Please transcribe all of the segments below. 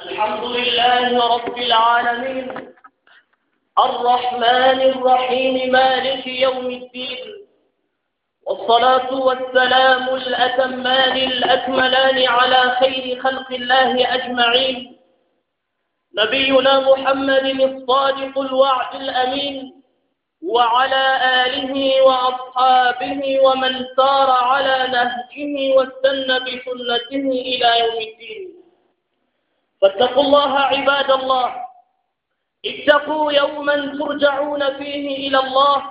الحمد لله رب العالمين الرحمن الرحيم مالك يوم الدين والصلاة والسلام الأتمان الأكملان على خير خلق الله أجمعين نبينا محمد الصادق الوعد الأمين وعلى آله وأصحابه ومن سار على نهجه واستنى بسنته إلى يوم الدين فاتقوا الله عباد الله اتقوا يوما ترجعون فيه إلى الله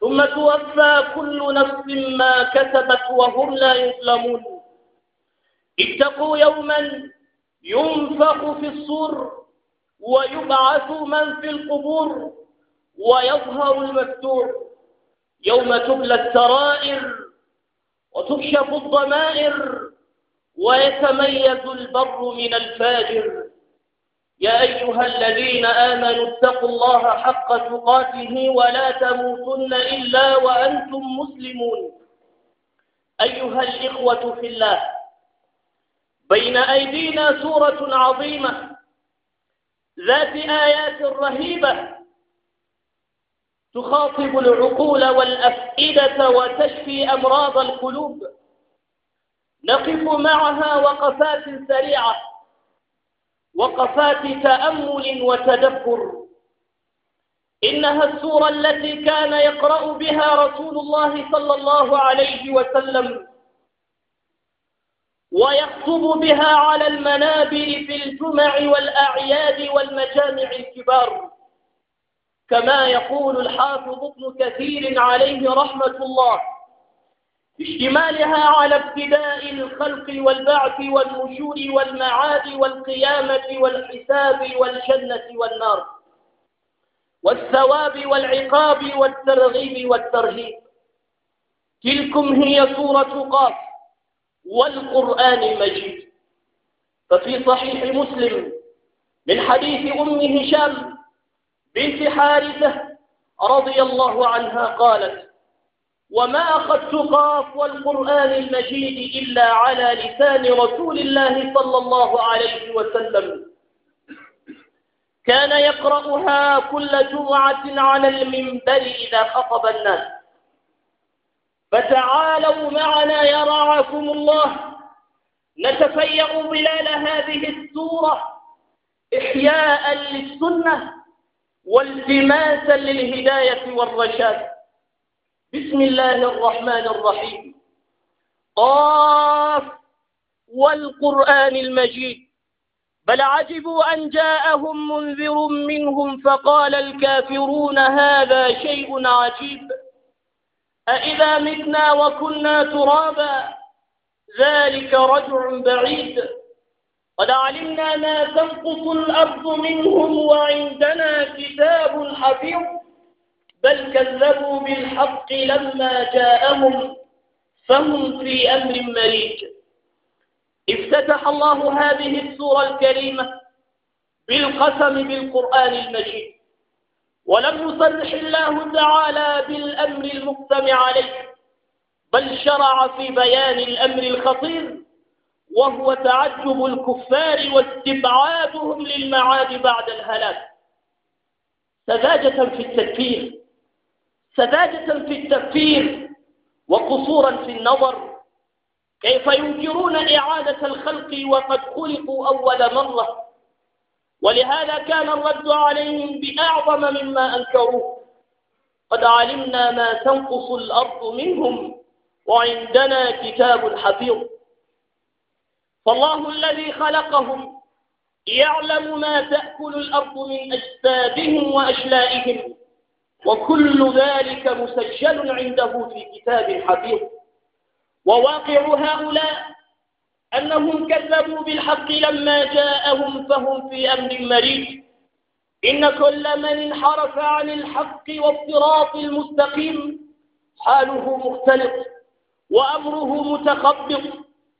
ثم توفى كل نفس ما كسبت وهم لا يظلمون اتقوا يوما ينفخ في الصور ويبعث من في القبور ويظهر المفتوح يوم تبلى السرائر وتكشف الضمائر ويتميز البر من الفاجر يا أيها الذين آمنوا اتقوا الله حق تقاته ولا تموتن إلا وأنتم مسلمون أيها الإخوة في الله بين أيدينا سورة عظيمة ذات آيات رهيبة تخاطب العقول والأفئدة وتشفي أمراض القلوب نقف معها وقفات سريعة وقفات تأمل وتدبر إنها السورة التي كان يقرأ بها رسول الله صلى الله عليه وسلم ويخطب بها على المنابر في الجمع والأعياد والمجامع الكبار كما يقول الحافظ ابن كثير عليه رحمة الله اشتمالها على ابتداء الخلق والبعث والنشور والمعاد والقيامة والحساب والجنة والنار والثواب والعقاب والترغيب والترهيب تلكم هي سورة قاف والقرآن المجيد ففي صحيح مسلم من حديث أم هشام بنت حارثة رضي الله عنها قالت وما أخذت قاف والقرآن المجيد إلا على لسان رسول الله صلى الله عليه وسلم كان يقرأها كل جمعة على المنبر إذا خطب الناس فتعالوا معنا يا رعاكم الله نتفيأ ظلال هذه السورة إحياء للسنة والتماسا للهداية والرشاد بسم الله الرحمن الرحيم قاف والقرآن المجيد بل عجبوا أن جاءهم منذر منهم فقال الكافرون هذا شيء عجيب أإذا متنا وكنا ترابا ذلك رجع بعيد قد علمنا ما تنقص الأرض منهم وعندنا كتاب حفيظ بل كذبوا بالحق لما جاءهم فهم في أمر مريج افتتح الله هذه السورة الكريمة بالقسم بالقرآن المجيد ولم يصرح الله تعالى بالأمر المقسم عليه بل شرع في بيان الأمر الخطير وهو تعجب الكفار واستبعادهم للمعاد بعد الهلاك سذاجة في التكفير سذاجة في التفكير وقصورا في النظر كيف ينكرون إعادة الخلق وقد خلقوا أول مرة ولهذا كان الرد عليهم بأعظم مما أنكروه قد علمنا ما تنقص الأرض منهم وعندنا كتاب حفيظ فالله الذي خلقهم يعلم ما تأكل الأرض من أجسادهم وأشلائهم وكل ذلك مسجل عنده في كتاب حفيظ وواقع هؤلاء أنهم كذبوا بالحق لما جاءهم فهم في أمر مريض إن كل من انحرف عن الحق والصراط المستقيم حاله مختلط وأمره متخبط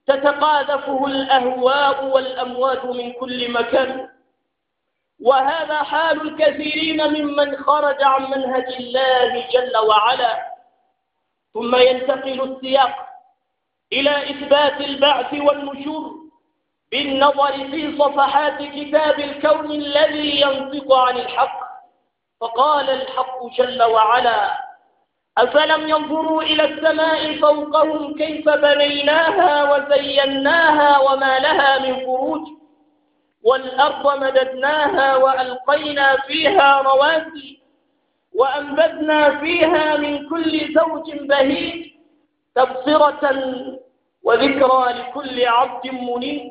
تتقاذفه الأهواء والأموات من كل مكان وهذا حال الكثيرين ممن خرج عن منهج الله جل وعلا ثم ينتقل السياق إلى إثبات البعث والنشور بالنظر في صفحات كتاب الكون الذي ينطق عن الحق فقال الحق جل وعلا أفلم ينظروا إلى السماء فوقهم كيف بنيناها وزيناها وما لها من فروج والأرض مددناها وألقينا فيها رواسي وأنبتنا فيها من كل زوج بهيج تبصرة وذكرى لكل عبد منيب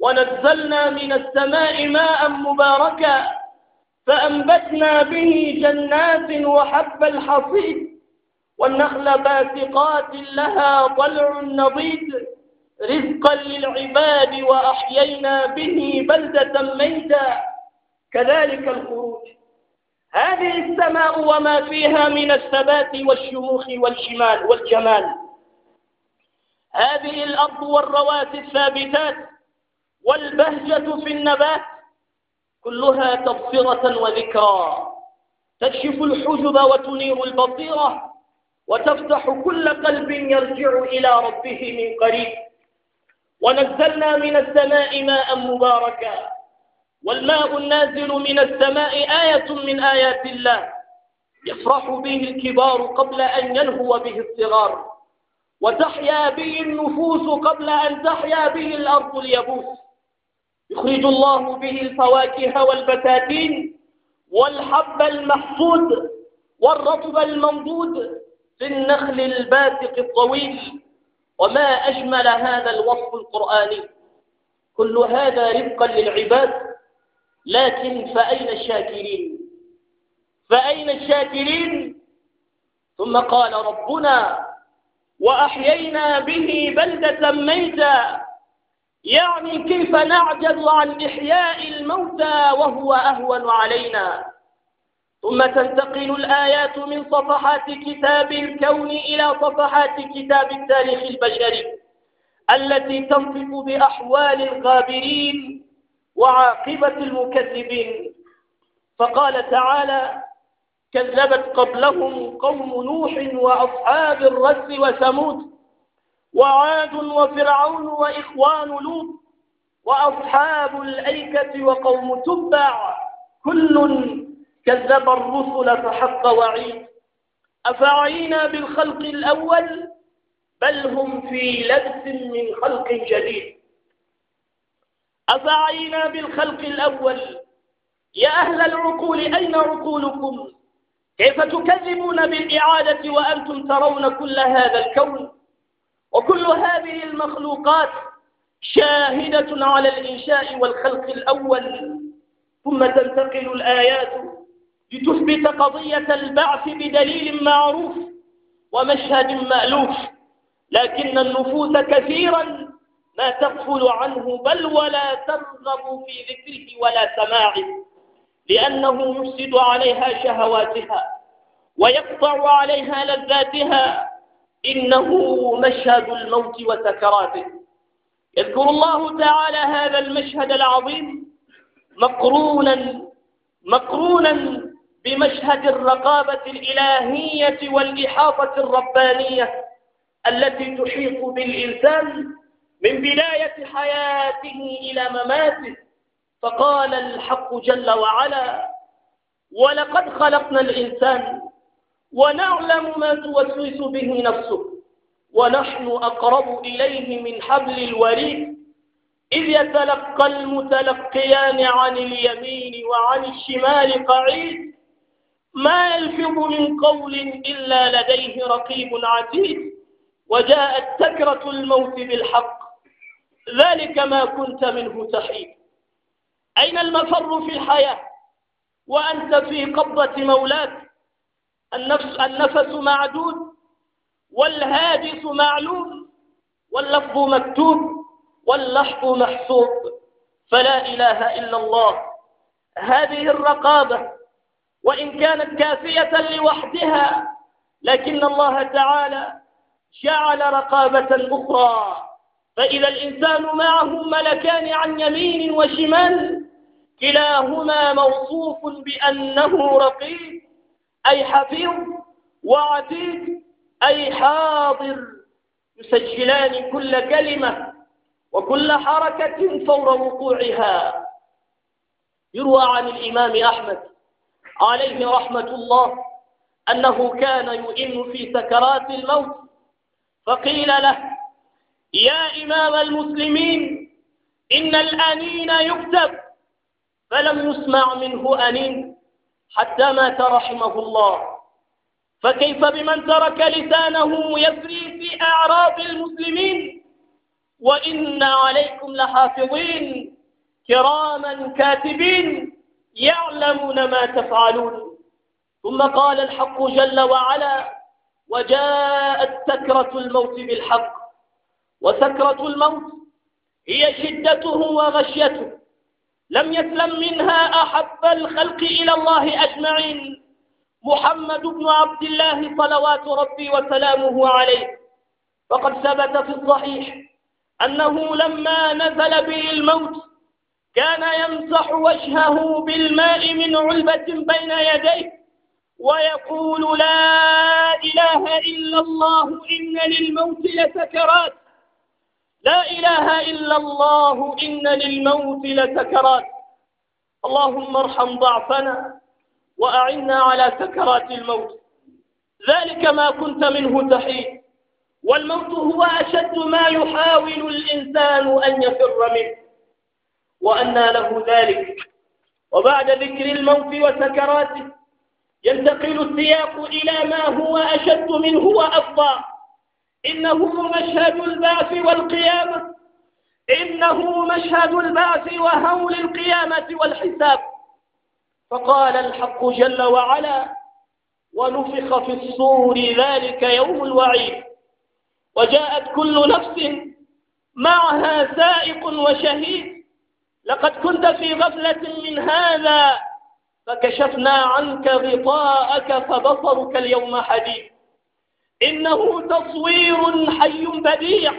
ونزلنا من السماء ماء مباركا فأنبتنا به جنات وحب الحصيد والنخل باسقات لها طلع نضيد رزقا للعباد وأحيينا به بلدة ميتا كذلك الخروج هذه السماء وما فيها من الثبات والشموخ والشمال والجمال هذه الأرض والروات الثابتات والبهجة في النبات كلها تبصرة وذكرى تكشف الحجب وتنير البصيرة وتفتح كل قلب يرجع إلى ربه من قريب ونزلنا من السماء ماء مباركا والماء النازل من السماء آية من آيات الله يفرح به الكبار قبل أن ينهو به الصغار وتحيا به النفوس قبل أن تحيا به الأرض اليبوس يخرج الله به الفواكه والبساتين والحب المحصود والرطب الممدود في النخل الباسق الطويل وما أجمل هذا الوصف القرآني كل هذا رفقا للعباد لكن فأين الشاكرين فأين الشاكرين ثم قال ربنا وأحيينا به بلدة ميتا يعني كيف نعجز عن إحياء الموتى وهو أهون علينا ثم تنتقل الآيات من صفحات كتاب الكون إلى صفحات كتاب التاريخ البشري التي تنطق بأحوال الغابرين وعاقبة المكذبين فقال تعالى كذبت قبلهم قوم نوح وأصحاب الرس وثمود وعاد وفرعون وإخوان لوط وأصحاب الأيكة وقوم تبع كل كذب الرسل فحق وعيد أفعينا بالخلق الأول بل هم في لبس من خلق جديد أفعينا بالخلق الأول يا أهل العقول أين عقولكم كيف تكذبون بالإعادة وأنتم ترون كل هذا الكون وكل هذه المخلوقات شاهدة على الإنشاء والخلق الأول ثم تنتقل الآيات لتثبت قضية البعث بدليل معروف ومشهد مألوف لكن النفوس كثيرا ما تغفل عنه بل ولا ترغب في ذكره ولا سماعه لأنه يفسد عليها شهواتها ويقطع عليها لذاتها إنه مشهد الموت وسكراته يذكر الله تعالى هذا المشهد العظيم مقرونا مقرونا بمشهد الرقابة الإلهية والإحاطة الربانية التي تحيط بالإنسان من بداية حياته إلى مماته فقال الحق جل وعلا ولقد خلقنا الإنسان ونعلم ما توسوس به نفسه ونحن أقرب إليه من حبل الوريد إذ يتلقى المتلقيان عن اليمين وعن الشمال قعيد ما يلفظ من قول إلا لديه رقيب عتيد وجاءت سكرة الموت بالحق ذلك ما كنت منه تحيد أين المفر في الحياة وأنت في قبضة مولاك النفس, النفس معدود والهاجس معلوم واللفظ مكتوب واللحظ محسوب فلا إله إلا الله هذه الرقابة وإن كانت كافية لوحدها لكن الله تعالى جعل رقابة أخرى فإذا الإنسان معه ملكان عن يمين وشمال كلاهما موصوف بأنه رقيب أي حفيظ وعتيد أي حاضر يسجلان كل كلمة وكل حركة فور وقوعها يروى عن الإمام أحمد عليه رحمة الله أنه كان يئن في سكرات الموت فقيل له يا إمام المسلمين إن الأنين يكتب فلم يسمع منه أنين حتى مات رحمه الله فكيف بمن ترك لسانه يسري في أعراض المسلمين وإن عليكم لحافظين كراما كاتبين يعلمون ما تفعلون ثم قال الحق جل وعلا وجاءت سكرة الموت بالحق وسكرة الموت هي شدته وغشيته لم يسلم منها أحب الخلق إلى الله أجمعين محمد بن عبد الله صلوات ربي وسلامه عليه فقد ثبت في الصحيح أنه لما نزل به الموت كان يمسح وجهه بالماء من علبة بين يديه ويقول لا إله إلا الله إن للموت لسكرات لا إله إلا الله إن للموت لسكرات اللهم ارحم ضعفنا وأعنا على سكرات الموت ذلك ما كنت منه تحيد والموت هو أشد ما يحاول الإنسان أن يفر منه وأنى له ذلك وبعد ذكر الموت وسكراته ينتقل السياق إلى ما هو أشد منه وأفضى إنه مشهد البعث والقيامة إنه مشهد البعث وهول القيامة والحساب فقال الحق جل وعلا ونفخ في الصور ذلك يوم الوعيد وجاءت كل نفس معها سائق وشهيد لقد كنت في غفلة من هذا فكشفنا عنك غطاءك فبصرك اليوم حديد إنه تصوير حي بديع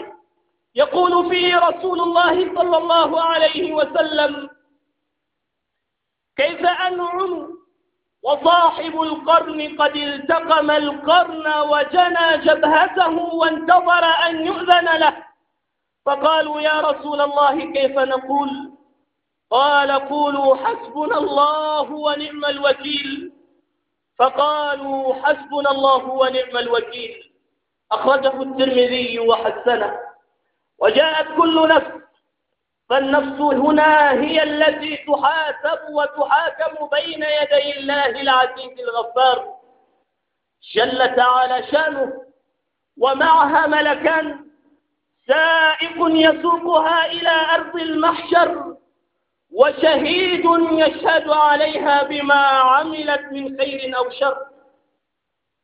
يقول فيه رسول الله صلى الله عليه وسلم كيف أنعم وصاحب القرن قد التقم القرن وجنى جبهته وانتظر أن يؤذن له فقالوا يا رسول الله كيف نقول قال قولوا حسبنا الله ونعم الوكيل فقالوا حسبنا الله ونعم الوكيل أخرجه الترمذي وحسنه وجاءت كل نفس فالنفس هنا هي التي تحاسب وتحاكم بين يدي الله العزيز الغفار جل تعالى شانه ومعها ملكان سائق يسوقها إلى أرض المحشر وشهيد يشهد عليها بما عملت من خير أو شر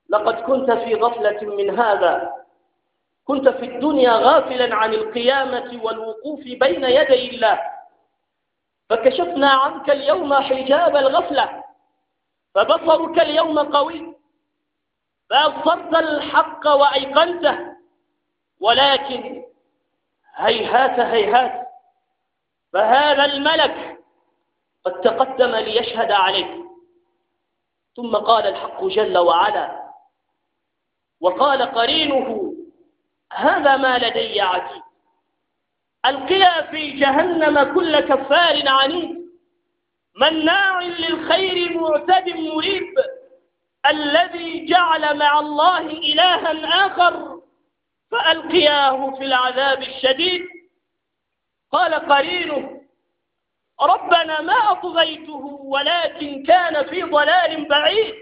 لقد كنت في غفلة من هذا كنت في الدنيا غافلا عن القيامة والوقوف بين يدي الله فكشفنا عنك اليوم حجاب الغفلة فبصرك اليوم قوي فأبصرت الحق وأيقنته ولكن هيهات هيهات فهذا الملك قد تقدم ليشهد عليك ثم قال الحق جل وعلا وقال قرينه هذا ما لدي عتيد القيا في جهنم كل كفار عنيد مناع للخير معتد مريب الذي جعل مع الله إلها آخر فألقياه في العذاب الشديد قال قرينه ربنا ما أطغيته ولكن كان في ضلال بعيد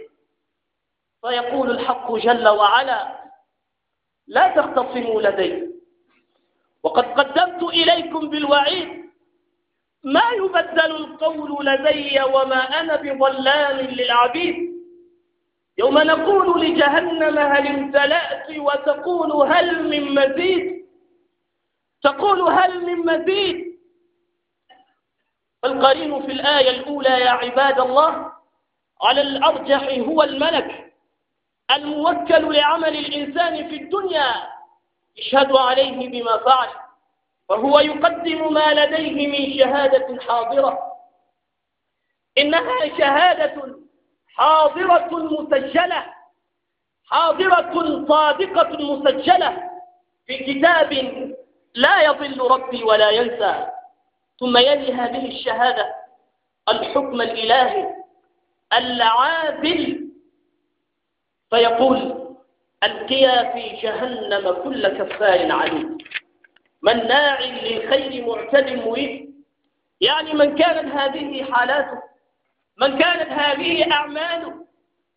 فيقول الحق جل وعلا لا تختصموا لدي وقد قدمت إليكم بالوعيد ما يبدل القول لدي وما أنا بظلام للعبيد يوم نقول لجهنم هل امتلأت وتقول هل من مزيد تقول هل من مزيد القرين في الآية الأولى يا عباد الله على الأرجح هو الملك الموكل لعمل الإنسان في الدنيا يشهد عليه بما فعل وهو يقدم ما لديه من شهادة حاضرة إنها شهادة حاضرة مسجلة حاضرة صادقة مسجلة في كتاب لا يضل ربي ولا ينسى ثم يلي هذه الشهادة الحكم الإلهي العادل فيقول ألقيا في جهنم كل كفار عليم مناع للخير معتد مريد يعني من كانت هذه حالاته من كانت هذه أعماله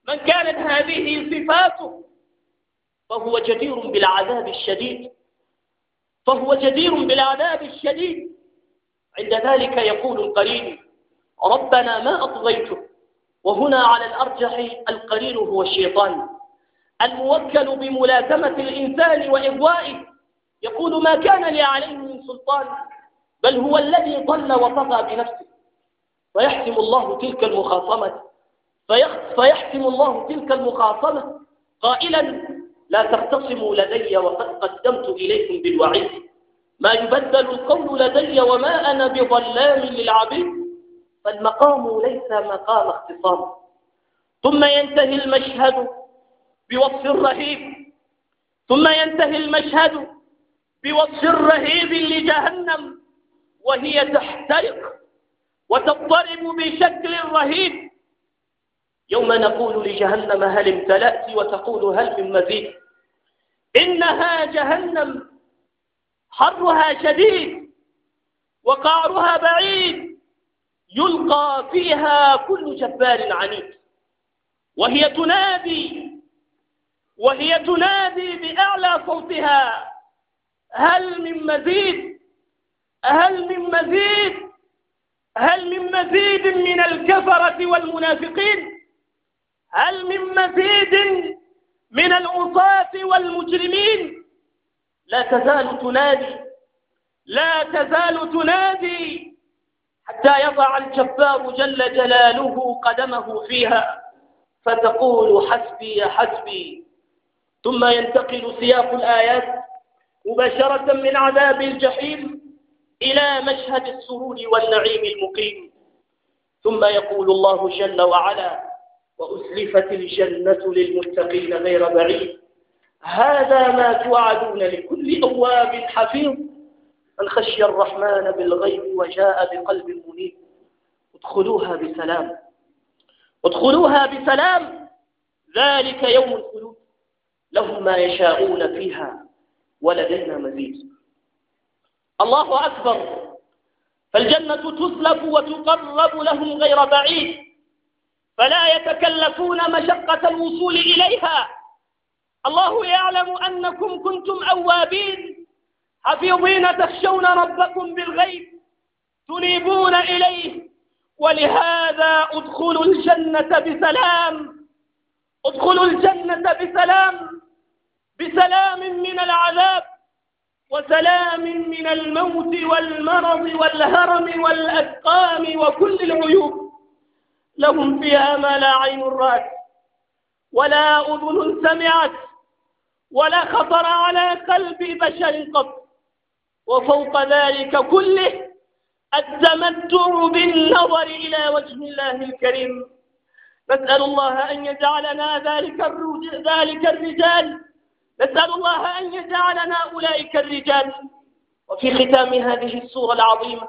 من كانت هذه صفاته فهو جدير بالعذاب الشديد فهو جدير بالعذاب الشديد عند ذلك يقول القرين ربنا ما أطغيته وهنا على الأرجح القرين هو الشيطان الموكل بملازمة الإنسان وإغوائه يقول ما كان لي عليه من سلطان بل هو الذي ضل وطغى بنفسه فيحسم الله تلك المخاصمة فيحسم الله تلك المخاصمة قائلا لا تختصموا لدي وقد قدمت إليكم بالوعيد ما يبدل القول لدي وما أنا بظلام للعبيد فالمقام ليس مقام اختصام ثم ينتهي المشهد بوصف رهيب ثم ينتهي المشهد بوصف رهيب لجهنم وهي تحترق وتضطرب بشكل رهيب يوم نقول لجهنم هل امتلأت وتقول هل من مزيد إنها جهنم حرها شديد وقعرها بعيد يلقى فيها كل جبار عنيد وهي تنادي وهي تنادي بأعلى صوتها هل من مزيد هل من مزيد هل من مزيد من الكفرة والمنافقين هل من مزيد من العصاة والمجرمين لا تزال تنادي لا تزال تنادي حتى يضع الجبار جل جلاله قدمه فيها فتقول حسبي حسبي ثم ينتقل سياق الآيات مباشرة من عذاب الجحيم إلى مشهد السرور والنعيم المقيم ثم يقول الله جل وعلا وأسلفت الجنة للمتقين غير بعيد هذا ما توعدون لكل أواب حفيظ من خشي الرحمن بالغيب وجاء بقلب منيب ادخلوها بسلام ادخلوها بسلام ذلك يوم الخلود لهم ما يشاءون فيها ولدينا مزيد الله أكبر فالجنة تزلف وتقرب لهم غير بعيد فلا يتكلفون مشقة الوصول إليها الله يعلم أنكم كنتم أوابين حفيظين تخشون ربكم بالغيب تنيبون إليه ولهذا ادخلوا الجنة بسلام ادخلوا الجنة بسلام بسلام من العذاب وسلام من الموت والمرض والهرم والأسقام وكل العيوب لهم فيها ما لا عين رأت ولا أذن سمعت ولا خطر على قلب بشر قط وفوق ذلك كله التمتع بالنظر إلى وجه الله الكريم نسأل الله أن يجعلنا ذلك ذلك الرجال نسأل الله أن يجعلنا أولئك الرجال وفي ختام هذه السورة العظيمة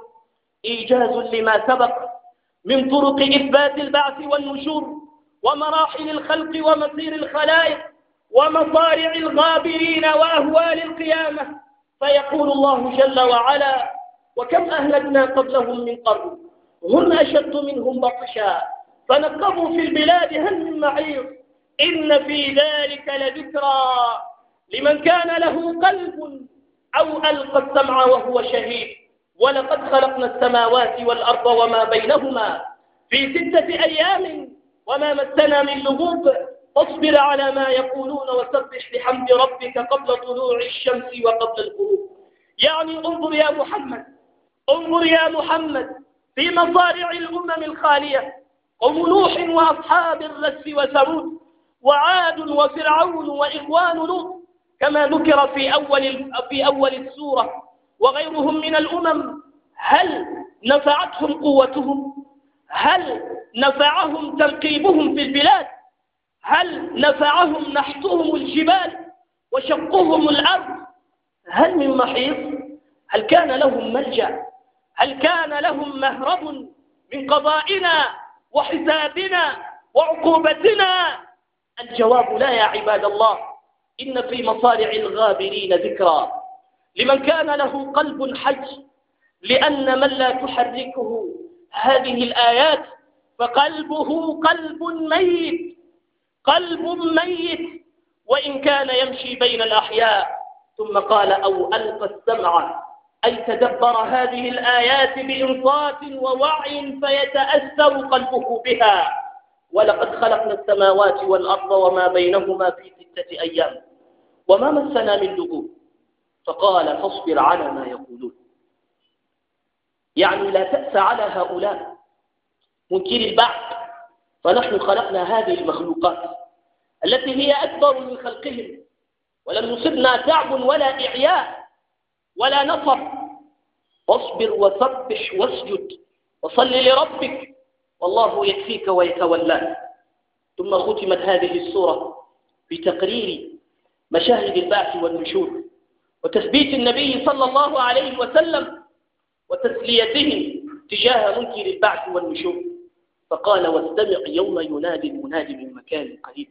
إيجاز لما سبق من طرق إثبات البعث والنشور ومراحل الخلق ومصير الخلائق ومصارع الغابرين وأهوال القيامة فيقول الله جل وعلا وكم أهلكنا قبلهم من قرن هم أشد منهم بطشا فنقبوا في البلاد هل من معير إن في ذلك لذكرى لمن كان له قلب أو ألقى السمع وهو شهيد ولقد خلقنا السماوات والأرض وما بينهما في ستة أيام وما مسنا من لغوب فاصبر على ما يقولون وسبح بحمد ربك قبل طلوع الشمس وقبل الغروب يعني انظر يا محمد انظر يا محمد في مصارع الأمم الخالية قوم نوح وأصحاب الرس وثمود وعاد وفرعون وإخوان لوط كما ذكر في أول في أول السورة وغيرهم من الأمم هل نفعتهم قوتهم هل نفعهم تنقيبهم في البلاد هل نفعهم نحتهم الجبال وشقهم الأرض هل من محيط هل كان لهم ملجأ هل كان لهم مهرب من قضائنا وحسابنا وعقوبتنا الجواب لا يا عباد الله إن في مصارع الغابرين ذكرى لمن كان له قلب حج لأن من لا تحركه هذه الآيات فقلبه قلب ميت قلب ميت وإن كان يمشي بين الأحياء ثم قال أو ألقى السمع أي تدبر هذه الآيات بإنصات ووعي فيتأثر قلبه بها ولقد خلقنا السماوات والأرض وما بينهما في ستة أيام وما مسنا من لغوب فقال فاصبر على ما يقولون يعني لا تأس على هؤلاء منكر البعث فنحن خلقنا هذه المخلوقات التي هي أكبر من خلقهم ولم يصبنا تعب ولا إعياء ولا نصر فاصبر وسبح واسجد وصل لربك والله يكفيك ويتولاك ثم ختمت هذه السورة بتقرير مشاهد البعث والنشور وتثبيت النبي صلى الله عليه وسلم وتسليته تجاه منكر البعث والنشور فقال واستمع يوم ينادي المنادي من مكان قريب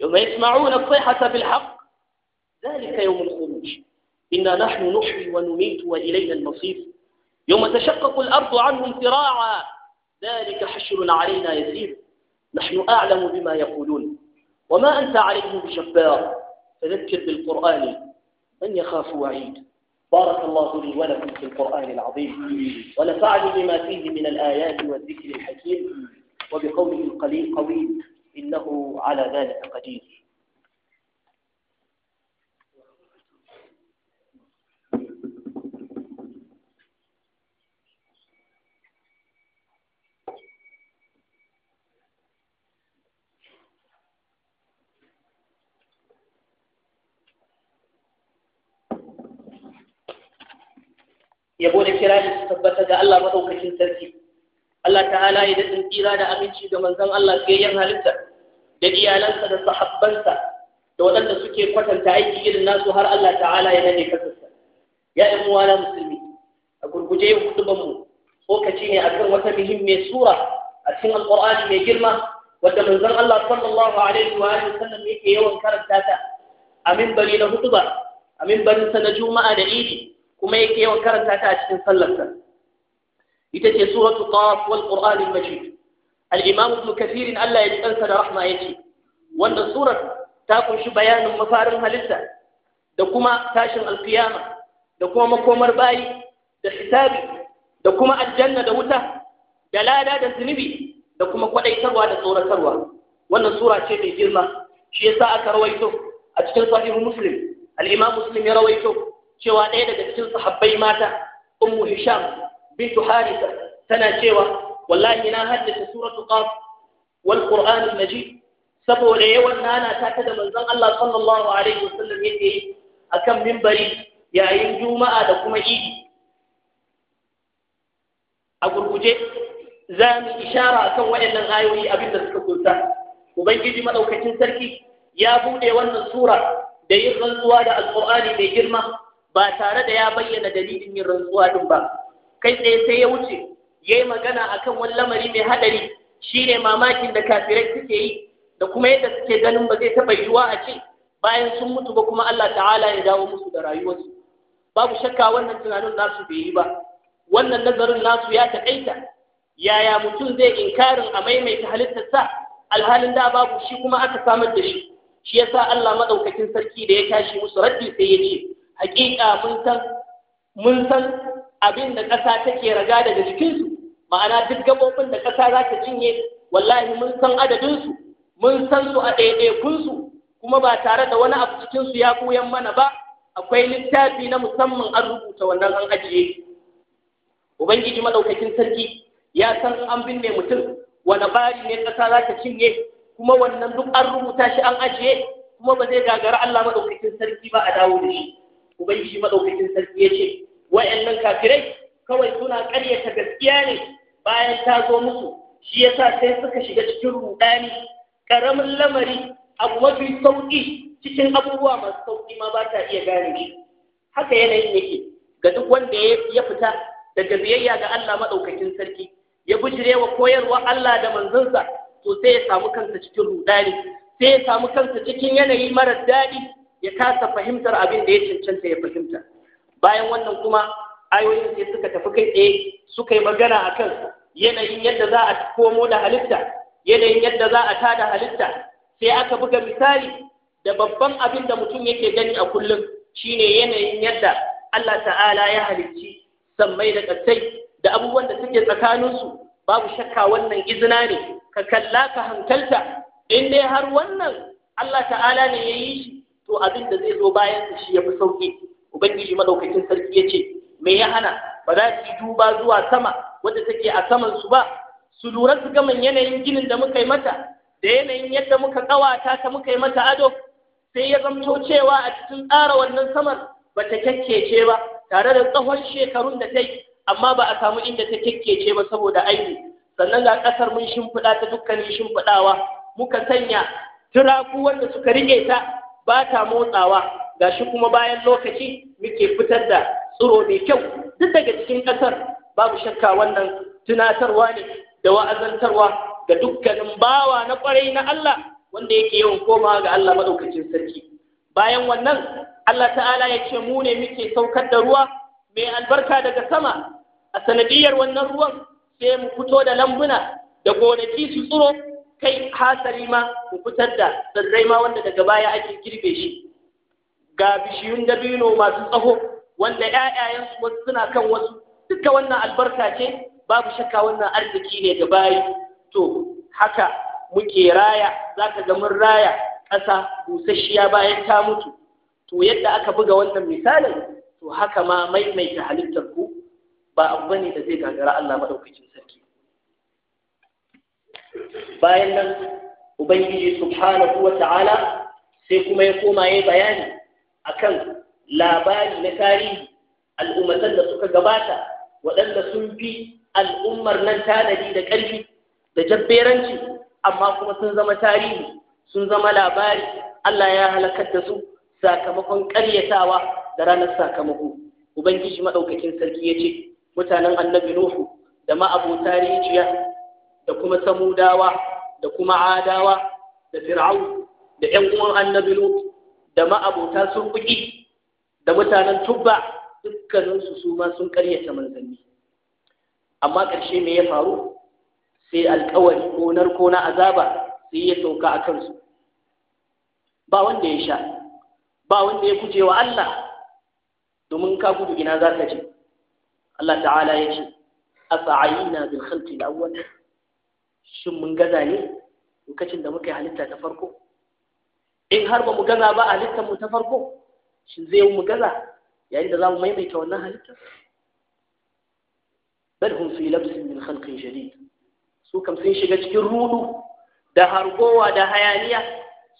يوم يسمعون الصيحة بالحق ذلك يوم الخروج إنا نحن نحيي ونميت وإلينا المصير يوم تشقق الأرض عنهم سراعا ذلك حشر علينا يسير نحن أعلم بما يقولون وما أنت عليهم بجبار فذكر بالقرآن من يخاف وعيد بارك الله لي ولكم في القرآن العظيم ونفعني بما فيه من الآيات والذكر الحكيم وبقوله القليل قويل إنه على ذلك قدير yabo da kirari su tabbata ga Allah madaukakin sarki Allah ta'ala ya da tsira da aminci ga manzon Allah yan halitta da iyalansa da sahabbansa da waɗanda suke kwatanta aiki irin nasu har Allah ta'ala ya nade kasarsa ya ɗan uwana musulmi a gurguje hutuban mu lokaci ne akan wata muhimmiyar sura a cikin alqur'ani mai girma wadda manzon Allah sallallahu alaihi wa alihi sallam yake yawan karanta ta a minbari na hutuba a minbarin na juma'a da idi kuma yake yawan karanta ta a cikin sallarsa ita ce suratu qaf wal qur'anil majid al-imam ibn kathir Allah ya ji kansa da rahma yace wannan surar ta kunshi bayanin mafarin halitta da kuma tashin alkiyama da kuma makomar bayi da hisabi da kuma aljanna da wuta da lada da zunubi da kuma kwadaitarwa da tsoratarwa wannan sura ce mai girma shi yasa aka rawaito a cikin sahihu muslim al-imam muslim ya rawaito cewa ɗaya daga cikin sahabbai mata ummu hisham bintu harisa tana cewa wallahi na haddace surar qaf wal qur'an al majid saboda yawan nana ta ta da manzon Allah sallallahu alaihi wasallam yake yi akan mimbari yayin juma'a da kuma idi a gurguje za mu ishara akan waɗannan ayoyi abin da suka kunsa ubangiji madaukakin sarki ya bude wannan sura da yin rantsuwa da alqur'ani mai girma ba tare da ya bayyana dalilin yin rantsuwa din ba kai tsaye sai ya wuce ya yi magana akan wani lamari mai haɗari shine mamakin da kafirai suke yi da kuma yadda suke ganin ba zai taɓa yiwuwa a ce bayan sun mutu ba kuma Allah ta'ala ya dawo musu da rayuwarsu babu shakka wannan tunanin nasu bai yi ba wannan nazarin nasu ya taƙaita yaya mutum zai inkarin a maimaita halittarsa alhalin da babu shi kuma aka samar da shi shi yasa Allah madaukakin sarki da ya tashi musu raddi sai ya ce hakika mun san mun san abin da ƙasa take raga daga cikinsu ma'ana duk gabobin da ƙasa za ta cinye wallahi mun san adadinsu mun san su a ɗaiɗaikunsu kuma ba tare da wani abu cikinsu ya koyan mana ba akwai littafi na musamman an rubuta wannan an ajiye ubangiji madaukakin sarki ya san an binne mutum wani bari ne ƙasa za ta cinye kuma wannan duk an rubuta shi an ajiye kuma ba zai gagara Allah madaukakin sarki ba a dawo da shi ubangiji madaukakin sarki ya ce wa'annan kafirai kawai suna ƙaryata gaskiya ne bayan ta zo musu shi yasa sai suka shiga cikin rudani ƙaramin lamari abu mafi sauƙi cikin abubuwa masu sauƙi ma ba ta iya gane shi haka yanayin yake ga duk wanda ya fita daga biyayya ga Allah maɗaukakin sarki ya bijire wa koyarwa Allah da manzansa to sai ya samu kansa cikin rudani sai ya samu kansa cikin yanayi marar daɗi ya kasa fahimtar abin da ya cancanta ya fahimta bayan wannan kuma ayoyin sai suka tafi kai tsaye suka yi magana a kan yanayin yadda za a komo da halitta yanayin yadda za a tada halitta sai aka buga misali da babban abin da mutum yake gani a kullum shine yanayin yadda Allah ta'ala ya halicci sammai da ƙasai da abubuwan da suke tsakaninsu babu shakka wannan izina ne ka kalla ka hankalta in dai har wannan Allah ta'ala ne ya yi shi to abin da zai zo bayan shi ya fi sauki ubangiji madaukakin sarki ya ce me ya hana ba za su duba zuwa sama wadda take a saman su ba su lura su gaman yanayin ginin da muka yi mata da yanayin yadda muka kawata ta muka yi mata ado sai ya zamto cewa a cikin tsara wannan saman ba ta kyakkece ba tare da tsawon shekarun da ta yi amma ba a samu inda ta kyakkece ba saboda aini sannan ga kasar mun shimfiɗa ta dukkanin shimfiɗawa muka sanya turaku wanda suka rike ta ba ta motsawa shi kuma bayan lokaci muke fitar da tsoro mai kyau duk daga cikin ƙasar babu shakka wannan tunatarwa ne da wa'azantarwa ga dukkanin bawa na ƙwarai na Allah wanda yake yawan komawa ga Allah maɗaukacin sarki bayan wannan Allah ta'ala ya ce mu ne muke saukar da ruwa mai albarka daga sama a sanadiyar wannan ruwan sai mu fito da lambuna da gonaki su tsoro? kai hasari ma ku fitar da tsirrai ma wanda daga baya ake girbe shi ga bishiyun dabino masu tsaho wanda ƴaƴayensu wasu suna kan wasu duka wannan albarka ce babu shakka wannan arziki ne ga bayi to haka muke raya zaka ga mun raya ƙasa busasshiya bayan ta mutu to yadda aka buga wannan misalin to haka ma maimaita halittar ku ba abu bane da zai gagara Allah maɗaukacin sarki bayan nan ubangiji subhanahu wa ta'ala sai kuma ya koma ya bayani akan labari na tarihi al'ummatan da suka gabata waɗanda sun fi al'ummar nan tanadi da ƙarfi da jabberanci amma kuma sun zama tarihi sun zama labari Allah ya halakar da su sakamakon ƙaryatawa da ranar sakamako ubangiji maɗaukakin sarki ya ce mutanen annabi nuhu da ma'abota rijiya da kuma samudawa da kuma adawa da fir'au da ƴan uwan annabi lut da ma'abota sun kuki da mutanen tubba dukkaninsu su ma sun karyata manzanni amma ƙarshe me ya faru sai alƙawari ko narko na azaba sai ya sauka a kansu ba wanda ya sha ba wanda ya guje wa Allah domin ka gudu ina za ka je Allah ta'ala ya ce a bil khalqi al shin mun gaza ne lokacin da muka yi halitta ta farko in har ba mu gaza ba a halittar mu ta farko shin zai mu gaza yayin da za mu maimaita wannan halittar bal hum fi labsin min khalqin jadid su kam sun shiga cikin rudu da hargowa da hayaniya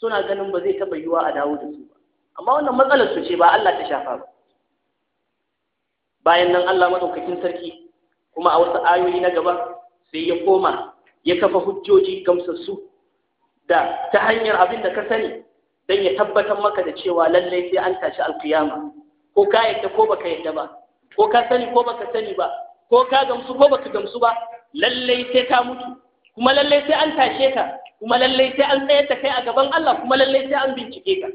suna ganin ba zai taba yiwa a dawo da su ba amma wannan matsalar su ce ba Allah ta shafa ba bayan nan Allah madaukakin sarki kuma a wasu ayoyi na gaba sai ya koma ya kafa hujjoji gamsassu da ta hanyar abin da ka sani don ya tabbatar maka da cewa lallai sai an tashi alkiyama ko ka yadda ko baka yadda ba ko ka sani ko baka sani ba ko ka gamsu ko baka gamsu ba lallai sai ka mutu kuma lallai sai an tashe ka kuma lallai sai an tsayar da kai a gaban Allah kuma lallai sai an bincike ka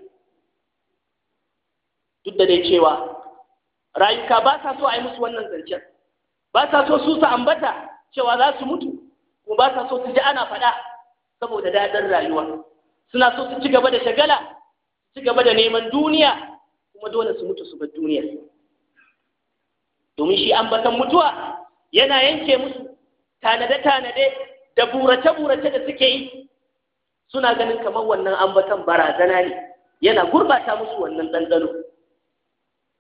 duk da dai cewa rayuka ba sa so a yi musu wannan zancen ba sa so su su ambata cewa za su mutu ko ba sa so su ji ana faɗa saboda daɗin rayuwa suna so su ci gaba da shagala su ci gaba da neman duniya kuma dole su mutu su bar duniya domin shi ambaton mutuwa yana yanke musu tanade-tanade da burace-burace da suke yi suna ganin kamar wannan ambaton barazana ne yana gurbata musu wannan ɗanɗano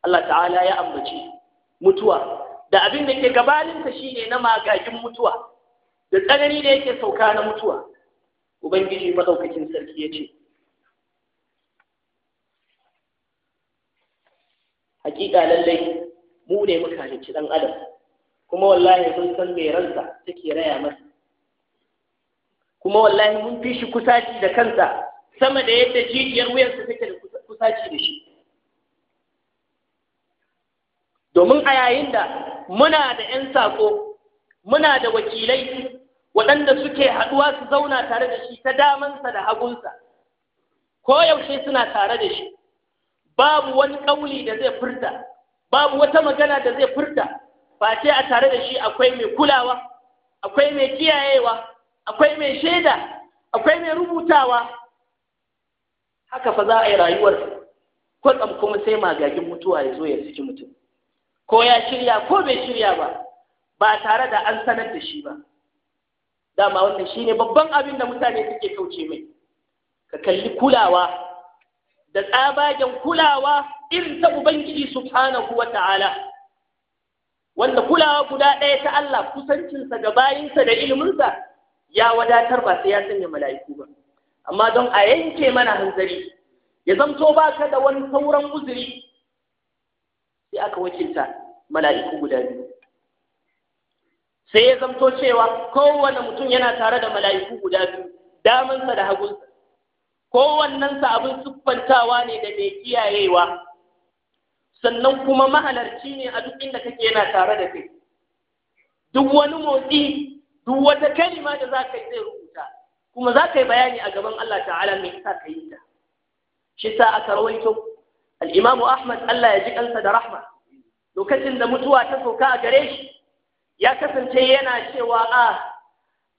Allah ta'ala ya ambaci mutuwa da abin da ke gabaninta shine na magagin mutuwa da tsanani da yake sauka na mutuwa ubangiji madaukakin sarki ya ce hakika lallai mu ne muka halicci ɗan adam kuma wallahi mun san me ransa take raya masa kuma wallahi mun fi shi kusaci da kansa sama da yadda jijiyar wuyarsa take da kusaci da shi domin a yayin da muna da 'yan saƙo muna da wakilai waɗanda suke haɗuwa su zauna tare da shi ta damansa da hagunsa ko yaushe suna tare da shi babu wani ƙauli da zai furta babu wata magana da zai furta ba sai a tare da shi akwai mai kulawa akwai mai kiyayewa akwai mai shaida akwai mai rubutawa haka fa za a yi rayuwar kwatsam kuma sai magagin mutuwa ya zo ya saki mutum ko ya shirya ko bai shirya ba ba tare da an sanar da shi ba dama wannan shine babban abin da mutane suke kauce mai ka kalli kulawa da tsabagen kulawa irin ta ubangiji subhanahu wa ta'ala. wanda kulawa guda ɗaya ta Allah kusancinsa ga bayinsa da iliminsa ya wadatar ba sai ya sanya mala'iku ba amma don a yanke mana hanzari ya zamto ba ka da wani sauran uzuri sai aka wakilta mala'iku guda biyu sai ya zamto cewa kowane mutum yana tare da mala'iku guda biyu damansa da hagunsa kowannensa abin siffantawa ne da mai kiyayewa sannan kuma mahalarci ne a duk inda kake yana tare da kai duk wani motsi duk wata kalima da za ka yi zai rubuta kuma za ka yi bayani a gaban Allah ta'ala mai isa ka yi ta shi sa aka rawaito al'imamu ahmad Allah ya ji kansa da rahma lokacin da mutuwa ta sauka a gare shi ya kasance yana cewa a ah,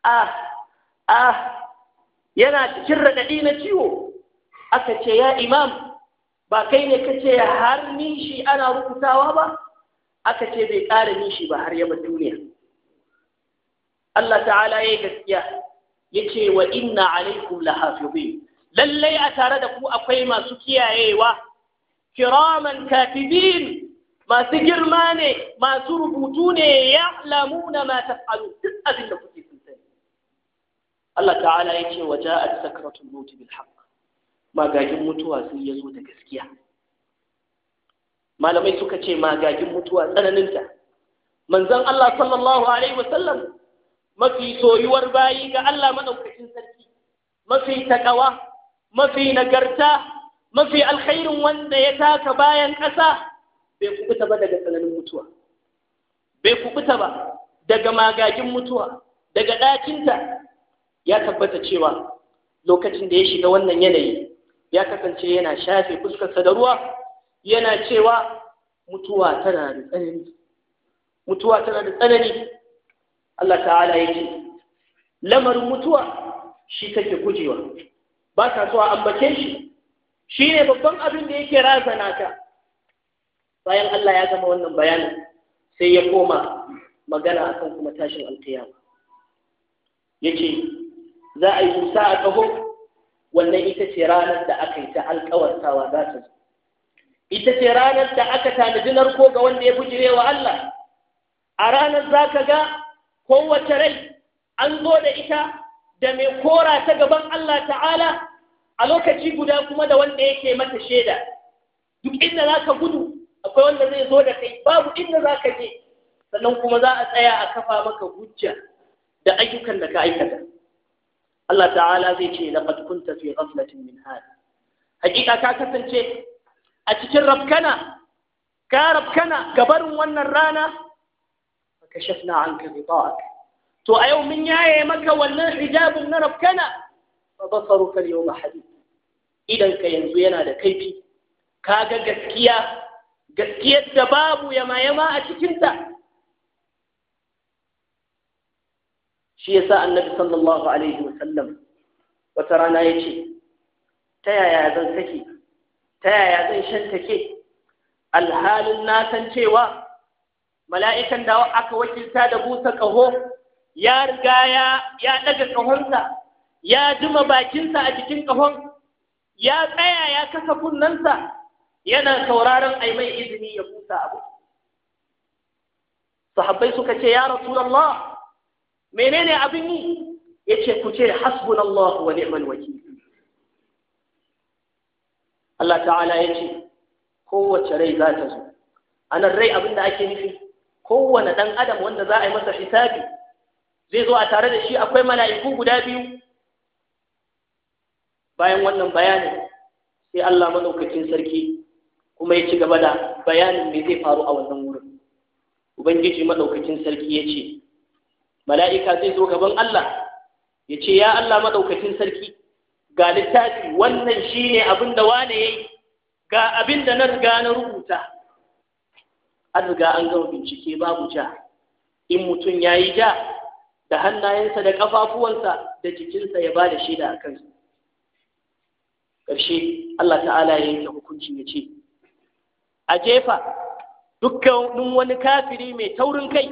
a ah, a ah. yana cikin raɗaɗi na ciwo aka ce ya imam ba kai ne ka ce har nishi ana rukutawa ba aka ce bai ƙara nishi ba har yaba duniya Allah ta'ala ya yi gaskiya ya ce wa inna alaikum lahafizin lallai a tare da ku akwai masu kiyayewa kiraman katibin masu girma ne masu rubutu ne ya lamuna ma taf'alu duk abin da kuke sun sani Allah ta'ala ya ce waje a sakaratun mauti bil haqq magagin mutuwa sun zo da gaskiya malamai suka ce magagin mutuwa tsananinta manzon Allah sallallahu alaihi wasallam mafi soyuwar bayi ga Allah madaukakin sarki mafi takawa mafi nagarta mafi alkhairin wanda ya taka bayan ƙasa bai kubuta ba daga tsananin mutuwa bai kubuta ba daga magagin mutuwa daga ɗakinta ya tabbata cewa lokacin da ya shiga wannan yanayi ya kasance yana shafe fuskarsa da ruwa yana cewa mutuwa tana da tsanani mutuwa tana da tsanani Allah ta'ala ya ce lamarin mutuwa shi take gujewa ba ta so a ambace shi shi ne babban abin da yake razana ka bayan Allah ya gama wannan bayanin sai ya koma magana akan kuma tashin alkiyama yace za a yi musa a kaho wannan ita ce ranar da aka yi ta alkawartawa za ta zo ita ce ranar da aka tanadi narko ga wanda ya bujire wa Allah a ranar za ka ga kowace rai an zo da ita da mai kora ta gaban Allah ta'ala a lokaci guda kuma da wanda yake mata shaida duk inda za ka gudu akwai wanda zai zo da kai babu inda za ka je sannan kuma za a tsaya a kafa maka hujja da ayyukan da ka aikata Allah ta'ala zai ce laqad kunta fi ghaflatin min hada hakika ka kasance a cikin rafkana ka rafkana gabarin wannan rana ka shafna anka bida'ak to a yau mun yaye maka wannan hijabin na rafkana fa basaruka al-yawma hadid idan ka yanzu yana da kaifi ka ga gaskiya gaskiyar da babu yama-yama a cikinta shi sa annabi sallallahu alaihi wasallam wata rana ya ce ta yaya zan sake ta yaya zan shantake alhalin na san cewa mala'ikan da aka wakilta da busa ƙaho ya riga ya ɗaga ƙahonsa ya jima bakinsa a cikin ƙahon ya tsaya ya kasa kunnensa yana sauraron ai mai izini ya busa abu sahabbai suka ce ya rasulullah menene abin yi ce ku ce hasbunallahu wa ni'mal wakil Allah ta'ala ce kowace rai za ta zo anan rai abin da ake nufi kowane dan adam wanda za a yi masa hisabi zai zo a tare da shi akwai mala'iku guda biyu bayan wannan bayanin sai Allah madaukakin sarki kuma ya ci gaba da bayanin me zai faru a wannan wurin ubangiji madaukakin sarki ya ce mala'ika zai zo gaban Allah ya ce ya Allah maɗaukacin sarki ga littafi wannan shine abin da wane ya yi. ga abin da na riga na rubuta an riga an gama bincike babu ja in mutum ya yi ja da hannayensa da ƙafafuwansa da jikinsa ya ba da shaida a kansu ƙarshe Allah ta'ala ya na hukunci ya ce a jefa dukkanin wani kafiri mai taurin kai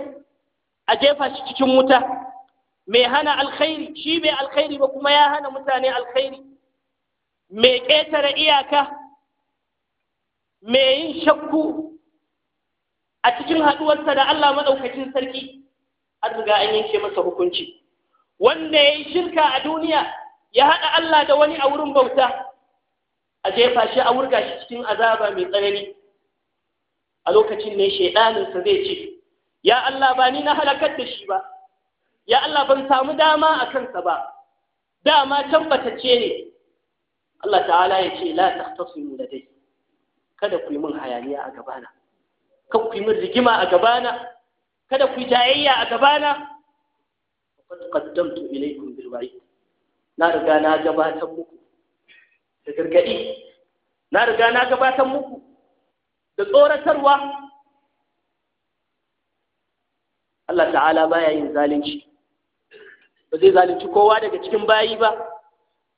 a jefa shi cikin wuta mai hana alkhairi shi mai alkhairi ba kuma ya hana mutane alkhairi mai ƙetare iyaka mai yin shakku a cikin haɗuwarsa da Allah maɗaukacin sarki an riga an yanke masa hukunci wanda ya yi shirka a duniya ya haɗa Allah da wani a wurin bauta a jefa shi a wurga shi cikin azaba mai tsanani a lokacin ne shaidaninsa zai ce ya Allah ba ni na halakar da shi ba ya Allah ban samu dama a kansa ba dama tabbatacce ne Allah ta'ala ya ce la da ladai kada ku yi min hayaniya a gabana kada ku yi min rigima a gabana kada ku yi jayayya a gabana qad qaddamtu ilaykum bil wa'id na riga na gabatar muku da gargadi na riga na gabatar muku da tsoratarwa Allah ta'ala baya yin zalunci ba zai zalunci kowa daga cikin bayi ba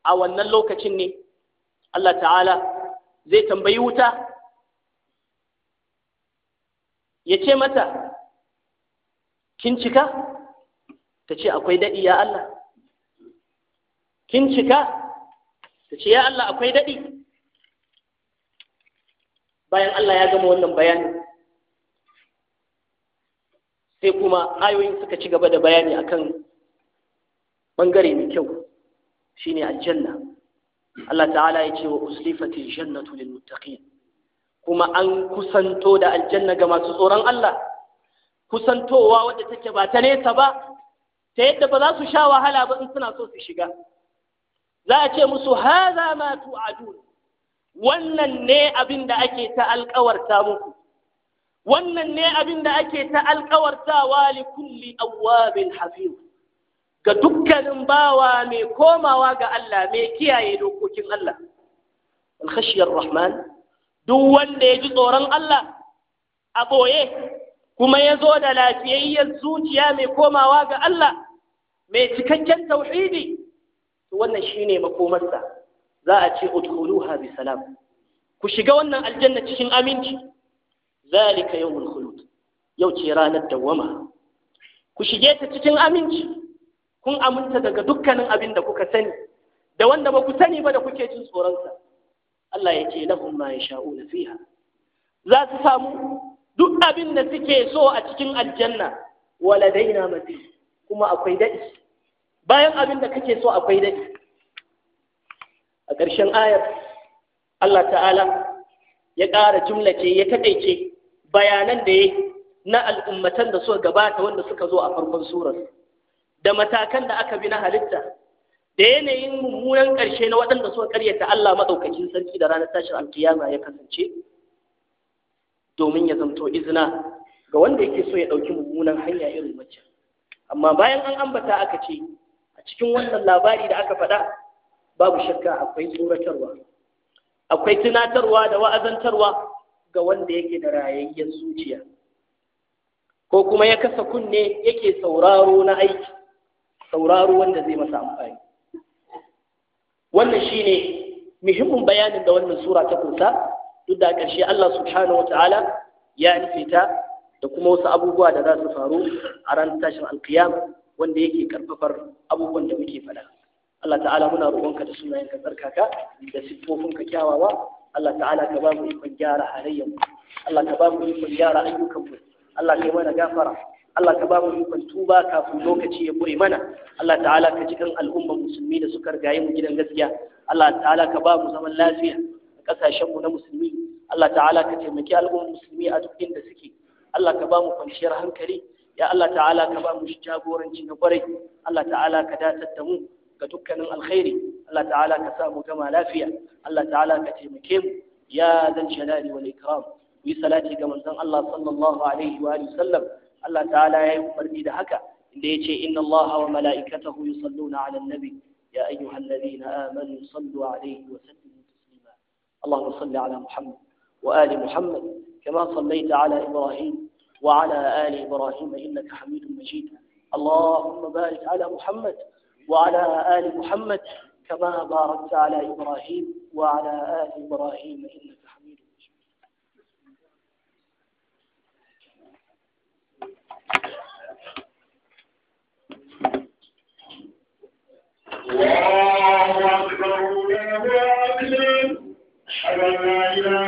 a wannan lokacin ne Allah ta'ala zai tambayi wuta ya ce mata kin cika ta ce akwai daɗi ya Allah kin cika ta ce ya Allah akwai daɗi bayan Allah ya gama wannan bayani sai kuma ayoyin suka ci gaba da bayani akan bangare mai kyau shine aljanna Allah ta'ala ya ce wa uslifatil jannatu lil muttaqin kuma an kusanto da aljanna ga masu tsoron Allah kusantowa wadda take ba ta nesa ba ta yadda ba za su sha wahala ba in suna so su shiga za a ce musu haza ma tu'adun wannan ne abin da ake ta alkawarta muku wannan ne abin da ake ta alkawartawa li kulli awwabin hafiz ga dukkanin bawa mai komawa ga Allah mai kiyaye dokokin Allah wal khashiyar rahman duk wanda ya ji tsoron Allah a boye kuma ya zo da lafiyayyar zuciya mai komawa ga Allah mai cikakken tauhidi wannan shine makomarsa za a ce udkhuluha bi salam ku shiga wannan aljanna cikin aminci zalika yawmul khulud yau ce ranar dawama ku shige ta cikin aminci kun aminta daga dukkanin abin da kuka sani da wanda ba ku sani ba da kuke jin sa? Allah ya ce lahum ma yasha'una fiha za su samu duk abin da suke so a cikin aljanna waladaina mati kuma akwai dadi bayan abin da kake so akwai dadi a ƙarshen ayar Allah ta'ala ya ƙara jimlace ya taƙaice bayanan da ya na al'ummatan da suka gabata wanda suka zo a farkon surar da matakan da aka bi na halitta da yanayin mummunan ƙarshe na waɗanda suka karyata Allah maɗaukakin sarki da ranar tashin alkiyama ya kasance domin ya zanto izina ga wanda yake so ya ɗauki mummunan hanya irin wacce amma bayan an ambata aka ce a cikin wannan labari da aka faɗa babu shakka akwai tsoratarwa akwai tunatarwa da wa'azantarwa ga wanda yake da rayayyen zuciya ko kuma ya kasa kunne yake sauraro na aiki sauraro wanda zai masa amfani wannan shine muhimmin bayanin da wannan sura ta kusa, duk da ƙarshe Allah subhanahu wataala ya nufe ta da kuma wasu abubuwa da za su faru a ran tashin alkiyama wanda yake karfafar abubuwan da muke faɗa Allah ta'ala muna roƙonka da sunayenka tsarkaka da siffofinka kyawawa Allah ta'ala ka ba mu ikon gyara halayyar Allah ka ba mu ikon gyara ayyukan mu Allah ka yi mana gafara Allah ka ba mu ikon tuba kafin lokaci ya bure mana Allah ta'ala ka ji kan al'umma musulmi da suka rigaye mu gidan gaskiya Allah ta'ala ka ba mu zaman lafiya a kasashen mu na musulmi Allah ta'ala ka taimaki al'umma musulmi a duk inda suke Allah ka ba mu kwanciyar hankali ya Allah ta'ala ka ba mu jagoranci na kwarai Allah ta'ala ka datar da mu كتكن الخير الله تعالى كسام كما لا فيه الله تعالى كتمكيم يا ذا الجلال والإكرام ويسلاتي كما الله صلى الله عليه وآله وسلم الله تعالى يفرد هكا ليتي إن الله وملائكته يصلون على النبي يا أيها الذين آمنوا صلوا عليه وسلموا تسليما اللهم صل على محمد وآل محمد كما صليت على إبراهيم وعلى آل إبراهيم إنك حميد مجيد اللهم بارك على محمد وعلى آل محمد كما باركت على إبراهيم وعلى آل إبراهيم إنك حميد مجيد الله أكبر الله أكبر أشهد أن لا إله